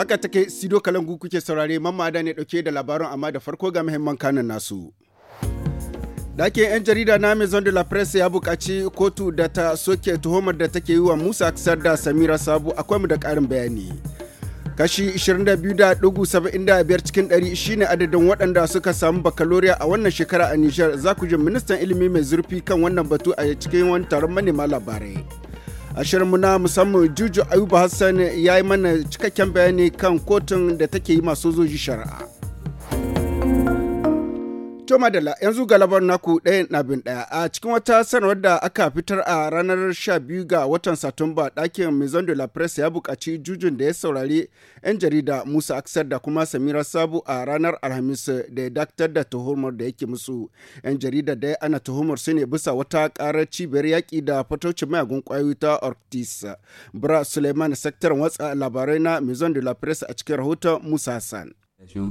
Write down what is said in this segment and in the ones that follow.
Haka take Sido Kalangu kuke saurare mamada ne dauke da labarin amma da farko ga muhimman kanan nasu. Dakin 'yan jarida na Maison de la Presse ya buƙaci kotu da ta soke tuhumar da take yi wa Musa Aksar da Samira Sabu akwai mu da ƙarin bayani. Kashi 22.75 cikin 100 shine adadin waɗanda suka samu bakaloriya a wannan shekara a Nijar zaku ku ji ministan ilimi mai zurfi kan wannan batu a cikin wani taron manema labarai. a shirinmu na musamman juju ayuba hassan ya yi mana cikakken bayani kan kotun da take yi masu zoji shari'a To Madalla yanzu galabar naku ɗaya na bin ɗaya a cikin wata sanarwar da aka fitar a ranar 12 ga watan Satumba ɗakin Maison de la Presse ya buƙaci jujun da ya saurari 'yan jarida Musa Aksar da kuma Samira Sabu a ranar Alhamis da ya dakatar da tuhumar da yake musu. 'Yan jarida da ya ana tuhumar su ne bisa wata ƙarar cibiyar yaƙi da fatocin mayagun ƙwayoyi ta Ortiz. Bra Suleiman sektar watsa labarai na Maison de la Presse a cikin rahoton Musa Hassan.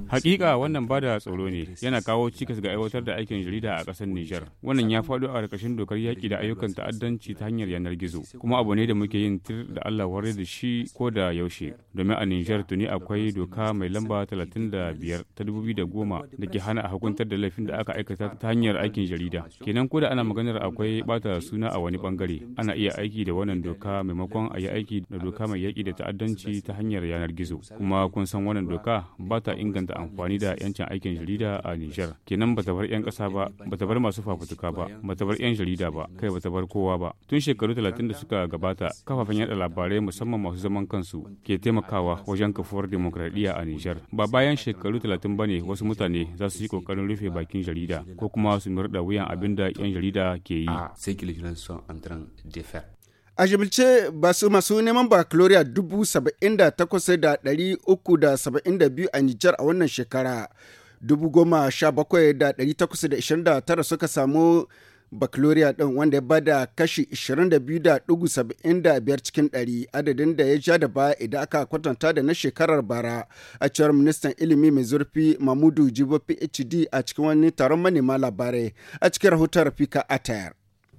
Hakika wannan ba da tsoro ne yana kawo cikas ga aiwatar da aikin jarida a ƙasar Nijar. Wannan ya faɗo a ƙarƙashin dokar yaƙi da ayyukan ta'addanci ta hanyar yanar gizo. Kuma abu ne da muke yin tir da Allah ware da shi ko da yaushe. Domin a Nijar tuni akwai doka mai lamba 35 ta 2010 da ke hana a hukuntar da laifin da aka aikata ta hanyar aikin jarida. Kenan ko da ana maganar akwai bata suna a wani bangare ana iya aiki da wannan doka maimakon a yi aiki da doka mai yaƙi da ta'addanci ta hanyar yanar gizo. Kuma kun san wannan doka ba ta inganta amfani da yancin aikin jarida a Nijar. Kenan bata bar 'yan ƙasa ba, bata bar masu fafutuka ba, bata bar 'yan jarida ba, kai bata bar kowa ba. Tun shekaru talatin da suka gabata, kafafen yada labarai musamman masu zaman kansu ke taimakawa wajen kafuwar demokradiyya a Nijar. Ba bayan shekaru talatin ba ne wasu mutane za su yi ƙoƙarin rufe bakin jarida ko kuma su murda wuyan abin da 'yan jarida ke yi. Ah, A jibilce basu masu neman baccalaureate dubu saba'in da takwas da ɗari uku da saba'in da biyu a Nijar a wannan shekara. Dubu goma sha bakwai da ɗari takwas da ishirin da tara suka samu baccalaureate ɗin wanda ya bada kashi 22.75 cikin ɗari adadin da ya ja da baya idan aka kwatanta da na shekarar bara a cewar ministan ilimi mai zurfi mamudu jibo phd a cikin wani taron manema labarai a cikin rahoton rafika atayar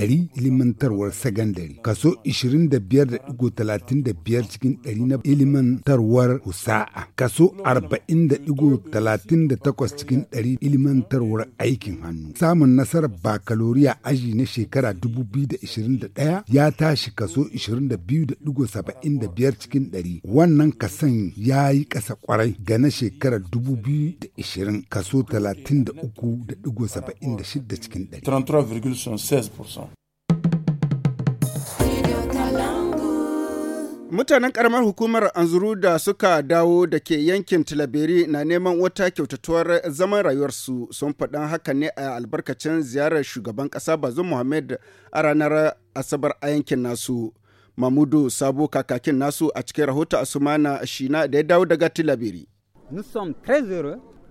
ɗari ilimantarwar sakandare kaso 25.35 cikin ɗari na ilimantarwar husa'a kaso 40.38 cikin ɗari ilimantarwar aikin hannu samun nasarar bakaloriya aji na shekara 2021 ya tashi kaso 22.75 cikin ɗari wannan kasan ya yi ƙasa kwarai ga na shekarar 2020 kaso 33.76 cikin ɗari 33,16%. Mutanen karamar hukumar Anzuru da suka dawo da ke yankin Tilaberi na neman wata kyautatuwar zaman rayuwarsu sun faɗa haka ne a albarkacin ziyarar shugaban ƙasa Bazum Muhammad a ranar Asabar a yankin nasu. Mamudu Sabo kakakin nasu a cikin rahoto rahoton na Shina da ya dawo daga Tilaberi.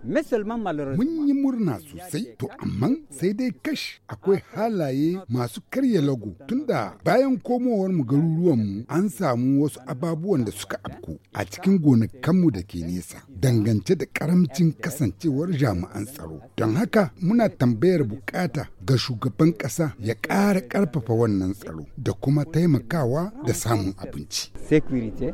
Mun yi murna sosai to amma sai dai kash akwai halaye masu karya lago tunda bayan komowar mu garuruwanmu an samu wasu ababuwan da suka afku a cikin gonakanmu da ke nesa dangance da karamcin kasancewar jami'an tsaro. Don haka muna tambayar bukata ga shugaban ƙasa ya ƙara ƙarfafa wannan tsaro da kuma taimakawa da samun abinci. Security,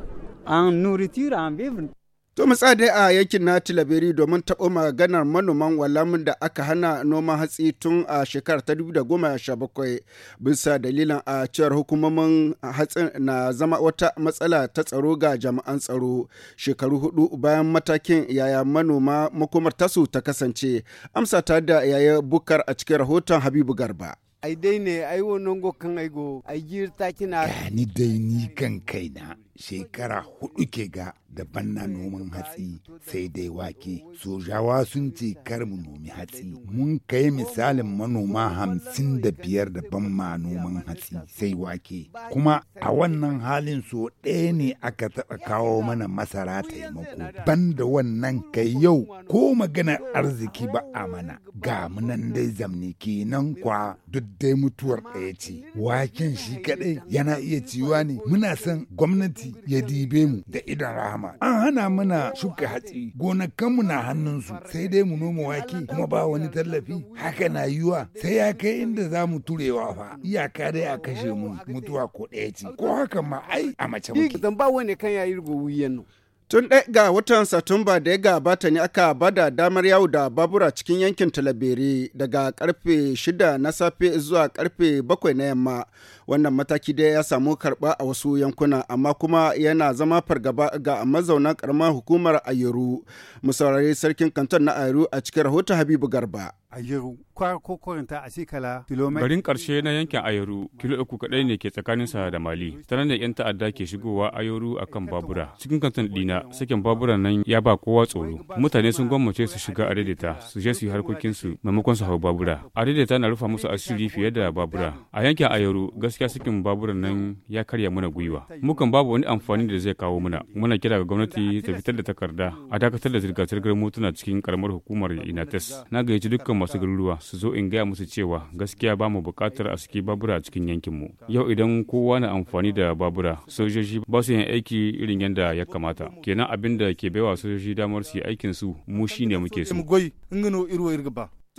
To matsa a yankin na Tilaberi domin taɓo maganar manoman walamun da aka hana noman hatsi tun a shekarar ta 2017 bisa dalilin a cewar hukumomin hatsin na zama wata matsala ta tsaro ga jami'an tsaro shekaru hudu bayan matakin yaya manoma makomar tasu ta kasance amsa ta da yaya bukar a cikin rahoton Habibu Garba. ai dai ne ai wannan gokan ai ai girta kina ni dai ni kan kaina shekara hudu ke ga daban na noman hatsi sai dai wake sojawa sun ce kar mu nomi hatsi mun kai misalin manoma hamsin da biyar daban ma noman hatsi sai wake kuma a wannan halin so ɗaya ne aka taɓa kawo mana masara taimako ban da wannan kai yau ko magana arziki ba a mana ga munan dai zamne kenan kwa duk dai mutuwar ɗaya ce waken shi kaɗai yana iya ciwa ne muna son gwamnati hatsi ya dibe mu da idan rahama an hana mana shuka hatsi gonakanmu na hannunsu sai dai mu noma wake kuma ba wani tallafi haka na yiwa sai ya kai inda za mu turewa fa iyaka dai a kashe mu mutuwa ko ɗaya ce ko haka ma ai a mace muke dan ba wani kan yayi rubuwiyan Tun ɗaya ga watan Satumba da ya gabata ne aka bada damar yawo da babura cikin yankin Talabere daga karfe shida na safe zuwa karfe bakwai na yamma. wannan mataki dai ya samu karɓa a wasu yankuna amma kuma yana zama fargaba ga mazaunan karamar hukumar ayeru musaurari sarkin kanton na ayeru a cikin rahoton habibu garba ayeru a garin karshe na yankin ayeru kilo uku kadai ne ke tsakanin sa da mali tare da yan ta'adda ke shigowa a kan babura cikin kanton dina sakin babura nan ya ba kowa tsoro mutane sun gwammace su shiga adaidaita su je su yi harkokinsu maimakon su hau babura adadita na rufa musu asiri fiye da babura a yankin ayeru gaskiya gaskiya sakin baburan nan ya karya mana gwiwa mukan babu wani amfani da zai kawo muna muna kira ga gwamnati ta fitar da takarda a dakatar da zirga-zirgar motuna cikin karamar hukumar inates na gayyaci dukkan masu garuruwa su zo in gaya musu cewa gaskiya ba mu bukatar a saki babura a cikin yankinmu yau idan kowa na amfani da babura sojoji ba su yin aiki irin yadda ya kamata kenan abin da ke baiwa sojoji damar su yi aikin su mu shine muke so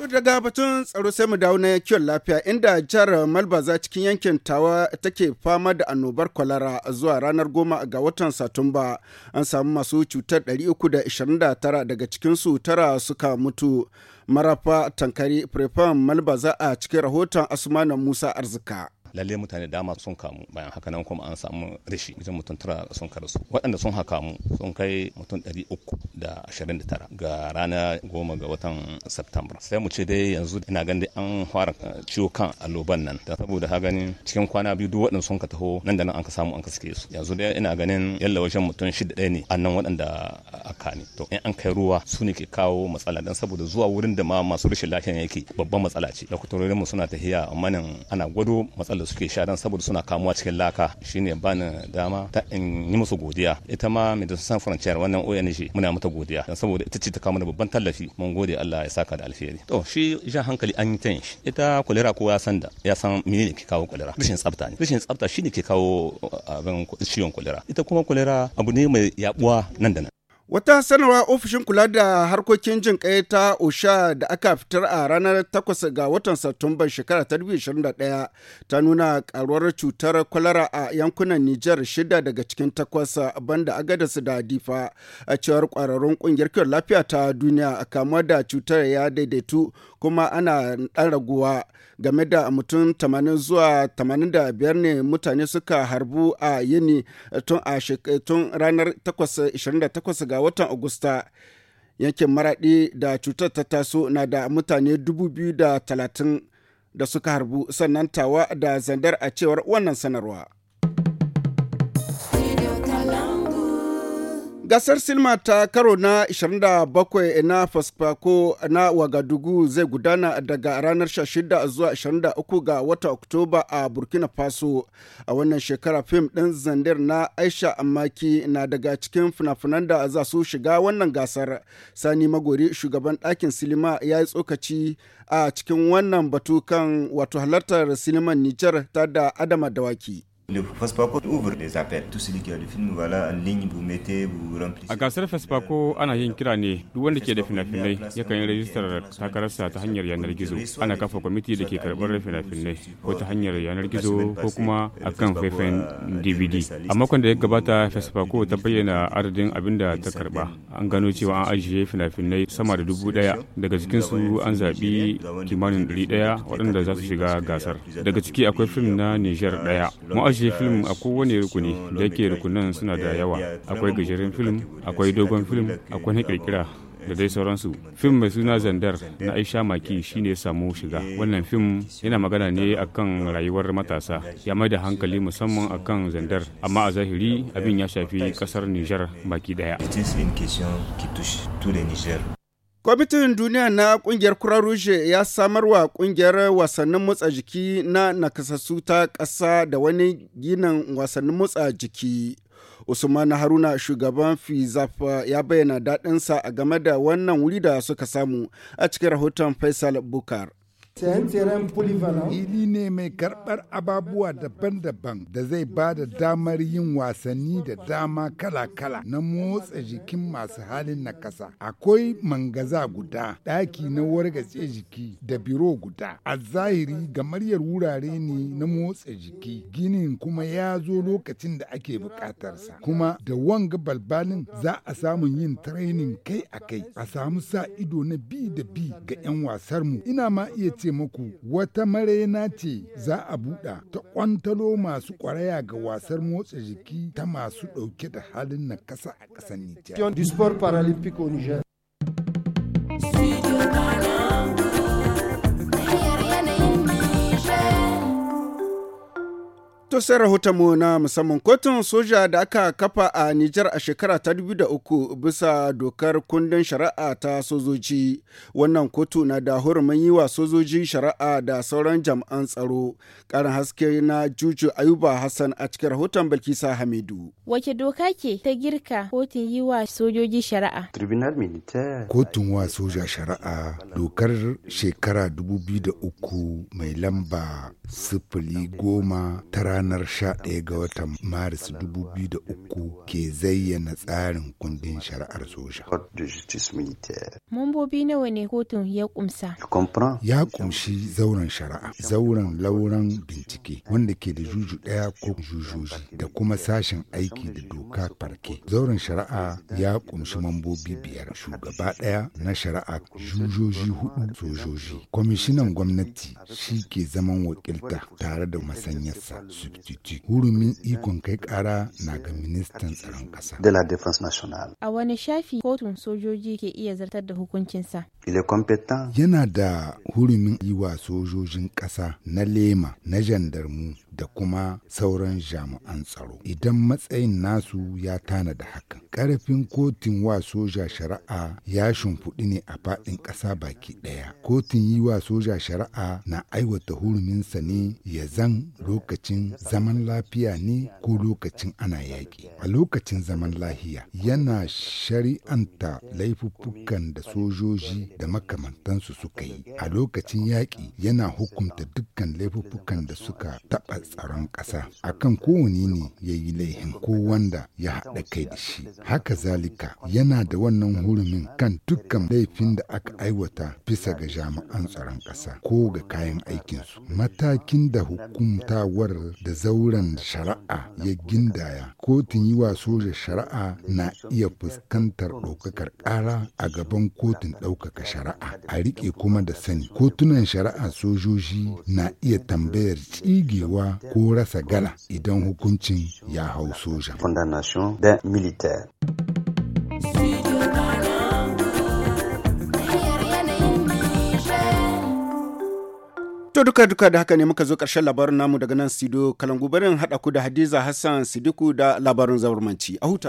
To daga batun tsaro sai mu dawo na kiwon lafiya inda jihar Malbaza cikin yankin Tawa take fama da annobar kwalara zuwa ranar goma ga watan Satumba. An samu masu cutar 329 daga cikinsu tara suka mutu. Marafa Tankari Prefam Malbaza a cikin rahoton Asmanan Musa Arzika. lalle mutane dama sun kamu bayan haka nan kuma an samu rishi mutum mutum tara sun karasu waɗanda sun haka mu sun kai mutum ɗari uku da ashirin da tara ga rana goma ga watan september sai mu ce dai yanzu ina gan dai an fara eh, ciwo kan alloban nan da saboda ha ganin cikin kwana biyu duk waɗanda sun ka taho nan da nan an ka samu an ka suke su yanzu dai ina ganin yalla wajen mutum shida ɗaya ne annan waɗanda aka ne to in an kai ruwa su ne ke kawo matsala dan saboda zuwa wurin da ma masu rashin lafiya yake babban matsala ce da mu suna tahiya amma nan ana gwado matsalar suke sha dan saboda suna kamuwa cikin laka shine bani dama ta in yi musu godiya ita ma Medicine Sans Frontier wannan ONG muna mata godiya dan saboda ita ce ta kawo mana babban tallafi mun gode Allah ya saka da alheri to shi jan hankali an yi tanshi ita kulera ko ya san da ya san menene ke kawo kulera rashin tsafta ne rashin tsafta shine ke kawo uh, abin ciwon kulera ita kuma kulera abu ne mai yabuwa nan da nan Wata sanarwa ofishin kula da harkokin jin kai ta OSHA da aka fitar a ranar 8 ga watan satumba shekara ta 2021 ta nuna karuwar cutar kwalara a yankunan Nijar shida daga cikin takwas banda agadas da difa a cewar kwararrun kungiyar kiwon lafiya ta duniya a kamuwa da cutar ya daidaitu kuma ana ɗan raguwa game da mutum 80 zuwa 85 ne mutane suka harbu a yini eh, tun a eh, tun ranar 28 eh, ga watan agusta yankin maradi da cutar ta taso na da mutane 2030 da suka harbu sannan tawa da zandar a cewar wannan sanarwa. gasar silma ta karo na 27 na fasfako na wagadugu zai gudana daga ranar 16 zuwa 23 ga wata oktoba a burkina faso a wannan shekara fim ɗin zandar na aisha amaki na daga cikin fina-finan da za su shiga wannan gasar sani magori shugaban ɗakin silima ya yi tsokaci a cikin wannan batu kan wato halartar siliman nijar ta da adama dawaki Le ouvre les appels. Tout celui qui a voilà, en ligne, vous mettez, vous remplissez. A gasar Faspaco ana yin kira ne duk wanda ke da fina-finai yakan yi rajistar takararsa ta hanyar yanar gizo. Ana kafa kwamiti da ke karɓar fina-finai ko ta hanyar yanar gizo ko kuma a kan faifan DVD. A makon da ya gabata Faspaco ta bayyana adadin abin da ta karɓa. An gano cewa an ajiye fina-finai sama da dubu ɗaya. Daga cikinsu an zaɓi kimanin ɗari ɗaya waɗanda za shiga gasar. Daga ciki akwai fim na Nijar ɗaya. shi film a kowane rukuni da yake rukunan suna da yawa akwai gajeren film akwai dogon film akwai na kirkira da dai sauransu film mai suna zandar na aisha maki shine samu shiga wannan film yana magana ne akan rayuwar matasa ya mai da hankali musamman akan zandar amma a zahiri abin ya shafi kasar niger baki daya Kwamitin Duniya na kungiyar Kura Rushe ya samar wa kungiyar wasannin motsa jiki na nakasassu ta ƙasa da wani ginin wasannin motsa jiki. Usman Haruna shugaban FIZAF ya bayyana daɗinsa a game da wannan wuri da suka samu a cikin rahoton Faisal Bukar. Ili ne mai karɓar ababuwa daban-daban da zai ba da damar yin wasanni da dama kala-kala na motsa jikin masu halin na ƙasa. Akwai mangaza guda, ɗaki na wargatse jiki da biro guda. A zahiri gamaryar wurare ne na motsa jiki, ginin kuma ya zo lokacin da ake buƙatarsa. Kuma da wanga balbalin za a samu yin training kai a kai, a samu sa ido na bi da bi ga 'yan wasarmu. Ina ma iya ce muku wata marena ce za a buɗa ta ƙwantalo masu ƙwaraya ga wasar motsa jiki ta masu ɗauke da halin na kasa a ƙasar Nijar. wato sai mu na musamman kotun soja da aka kafa a Nijar a shekara ta uku bisa dokar kundin shari'a ta sojoji. Wannan kotu na da hurumin yi wa sojoji shari'a da sauran jami'an tsaro. Karin haske na Juju Ayuba Hassan a cikin rahoton Bilkisa Hamidu. Wace doka ke ta girka kotun yi wa sojoji shari'a? Kotun wa soja shari'a dokar shekara uku mai lamba sifili goma ta rana. ranar 11 ga watan Maris 2003 ke zayyana tsarin kundin shari'ar soja. Mambobi nawa ne kotun ya kumsa? Ya kumshi zauren shari'a, zauren lauran bincike wanda ke da juju ɗaya ko jujuji da kuma sashen aiki da doka farke. Zauren shari'a ya kumshi mambobi biyar shugaba ɗaya na shari'a jujuji hudu sojoji. Kwamishinan gwamnati shi ke zaman wakilta tare da masanyarsa su rikici hurumin ikon kai kara na ga ministan tsaron ƙasa. A wani shafi kotun sojoji ke iya zartar da hukuncinsa? Yana da hurumin yi wa sojojin ƙasa na lema na jandarmu da kuma sauran jami'an tsaro idan matsayin nasu ya tana da hakan ƙarfin kotun wa soja shari'a ya shimfiɗi ne a faɗin ƙasa baki ɗaya kotun yi wa soja shari'a na aiwata huruminsa ne ya zan lokacin zaman lafiya ne ko lokacin ana yaƙi a lokacin zaman lahiya yana shari'anta laifuffukan da sojoji da makamantansu suka yi a lokacin yaƙi yana hukunta dukkan laifuffukan da suka taɓa tsaron ƙasa akan kowane ne ya yi laihin ko wanda ya haɗa kai da shi haka zalika yana da wannan hurumin kan dukkan laifin da aka aiwata bisa ga jami'an tsaron ƙasa ko ga kayan aikinsu matakin da hukumtawar da zauren shari'a ya gindaya kotun yi wa soja shari'a na iya fuskantar ɗaukakar ƙara a gaban kotun ɗaukaka shari'a a riƙe kuma da sani kotunan shari'a sojoji na iya tambayar tsigewa ko rasa gana idan hukuncin ya hau soja. To duka duka da haka ne muka zo ƙarshen labarin namu daga nan Sido Kalangu barin haɗa ku da Hadiza Hassan Sidiku da labarin zaurmanci. A huta